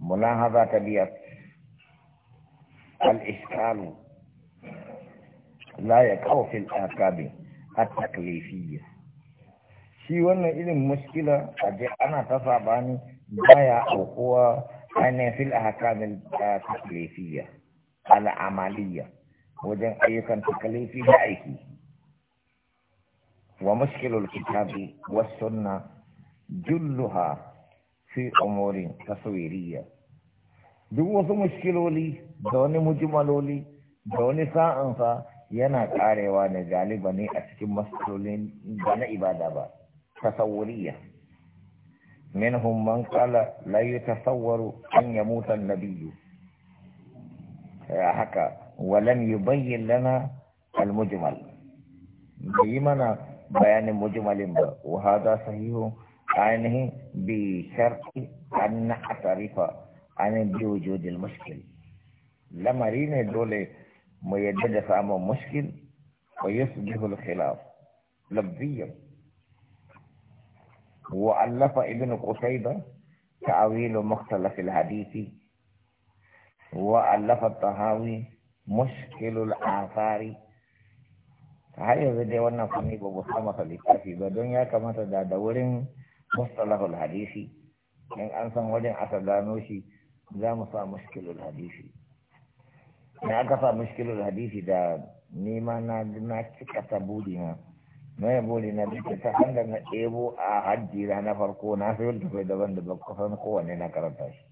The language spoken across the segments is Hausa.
ملاحظة تبيت الإشكال لا يقع في الآكاب التكليفية shi wannan irin muskila aje ana ta sabani baya aukuwa ainihin fil ahkamin taklifiyya ala amaliyya wajen ayyukan taklifi da aiki wa muskilul kitabi was sunna julluha fi umurin taswiriyya duk wasu mushkiloli da wani mujimaloli da wani sa'ansa yana karewa na galiba ne a cikin masalolin da na ibada ba tasawuriyya minhum man qala la yatasawwaru an yamuta an Ya haka ولم yi mana bayanin mujimalin ba wa وهذا sahihu عنه بشرط أن نعترف عن بوجود المشكل لما رينا دول ميدد فأمو مشكل ويصبح الخلاف لفظيا وألف ابن قتيبة تعويل مختلف الحديث وألف الطهاوي مشكل الآثار هاي yanzu dai wannan fanni ba mu sa masa littafi ba don mustalahul hadisi in an san wajen aka gano shi za mu sa mushkilul hadisi na aka sa mushkilul hadisi da nema na na cika ta budi na na ya budi na duka ta hanga na ebo a hajji na farko na sayar da daban da kusan kowanne na karanta shi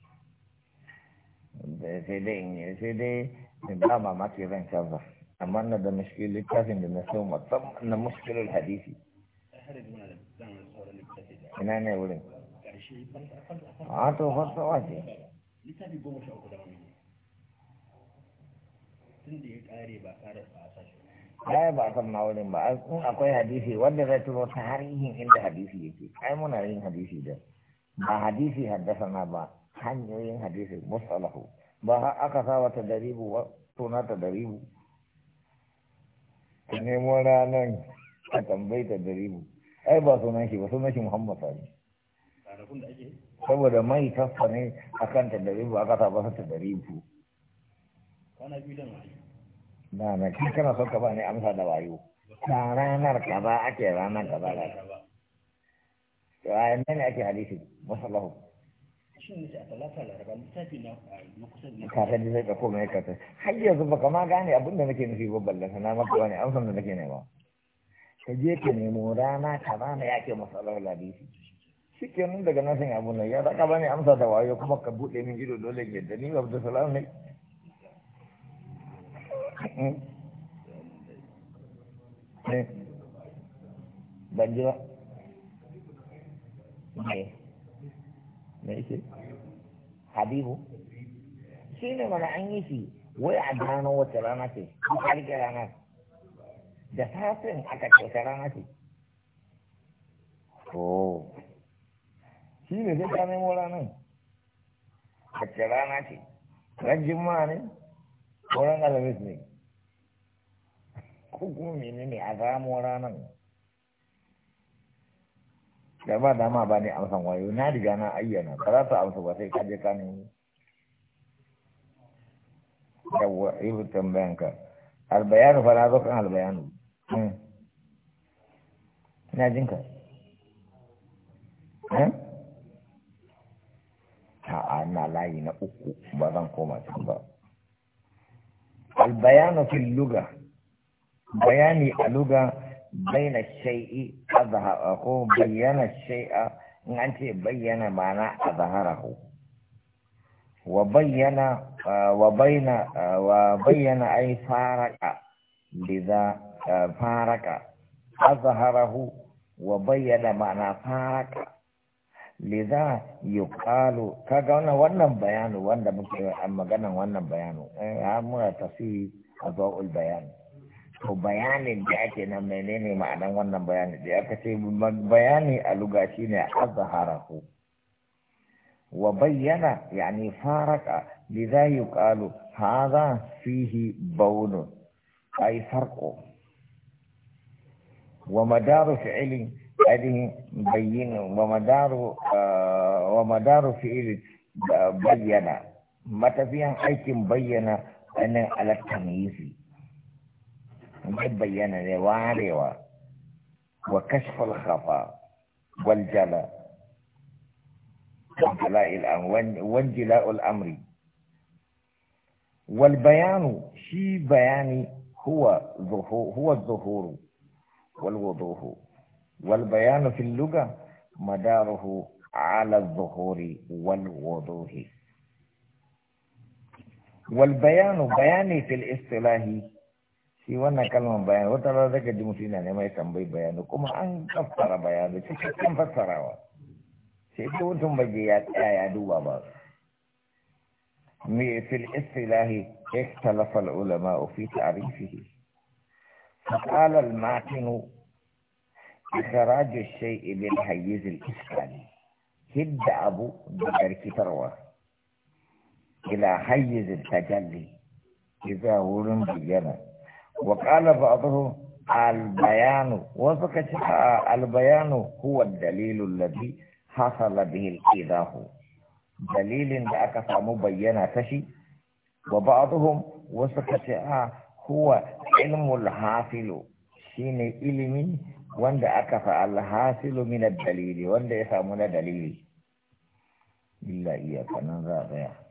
sai dai in sai dai ba mamaki zan canza amma na da mushkil kafin da na so musamman na mushkilul hadisi ina ne wurin a ah, to farsawa ce littafi goma sha uku da tun da ya kare ba kare ba a sashi ai ba san ma ba in akwai hadisi wanda zai tuno tarihin inda hadisi yake ai muna yin hadisi da ba hadisi haddasa ba hanyoyin hadisi musalahu ba har aka sa wata daribu ba tona ta daribu ka nemo ranar ka tambayi ta daribu ai ba sunan shi ba sunan shi muhammad sani saboda mai tafsa ne a kan taddaribu aka sa basa taddaribu na na kin kana son ka ba ne amsa da wayo na ranar kaza ake ranar kaza da ya ne ake hadisi masallahu kafin da zai ka koma ya kata har yanzu ka ma gane abin da nake nufi babban lantana maka wani amsa da nake nema ka je ka nemo rana ka rana ya ke matsalar labisi shi ke nan daga nasin abu ne ya zaka bane amsa da wayo kuma ka buɗe min ido dole ke da ni abu salam ne hmm. eh. ban ji me yake habibu shi ne mana an yi shi wai a gano wata rana ce an rana ce da safin aka kyauta rana ce to oh. shi ne zai ta nemo ranar wacce rana ce ran jimma ne ko ran alamis ne ko kuma menene a zamo ranar da ba dama ba ne amsan wayo na riga na ayyana ba za su amsa ba sai kaje ka nemi yawwa yi tambayanka albayanu fa na zo kan albayanu Hmm. ina jin ka hmm? a'a na layi na uku ba zan koma can ba albayanu fil luga bayani a luga baina shay'i azhara ko bayyana shay'a in an ce bayyana ma'ana azharahu wa bayyana wa baina wa bayyana ay faraqa lidha faraka azharahu wa bayyana ma'ana faraka liza yuqalu kaga wannan wannan bayanu wanda muke maganan wannan bayanu eh muna tafsiri azwaul bayan to bayanin da ake nan menene ma'anan wannan bayani da aka ce bayani a luga shine azharahu wa bayyana yani faraka liza yuqalu hadha fihi bawnun ay farqu ومدار فعل أدي بين ومدار آه، ومدار فعل بين متى فيها أيك بين أن على التمييز بين وعروا وكشف الخفاء والجلاء وانجلاء الأمر وانجلاء الأمر والبيان شي بياني هو ظهور هو الظهور والوضوح والبيان في اللغة مداره على الظهور والوضوح والبيان بياني في الاصطلاح shi wannan kalmar bayan wata rana zaka ji mutum yana neman ya tambayi bayani kuma an fassara bayani cikakken fassarawa sai ko mutum ba je ya tsaya ya duba ba me fil istilahi ikhtalafa al ulama fi ta'rifihi فقال الماتن إخراج الشيء بالحيز الإسكاني هد أبو بدرك تروى إلى حيز التجلي إذا ولن بجنة وقال بعضهم البيان وفكت البيان هو الدليل الذي حصل به الاله دليل لأكثر مبينة تشي وبعضهم وفكت هو ilmul hafilu shine ilimi wanda aka fa alhasilu min ad-dalili wanda ya samu na dalili illa iya kanan za a tsaya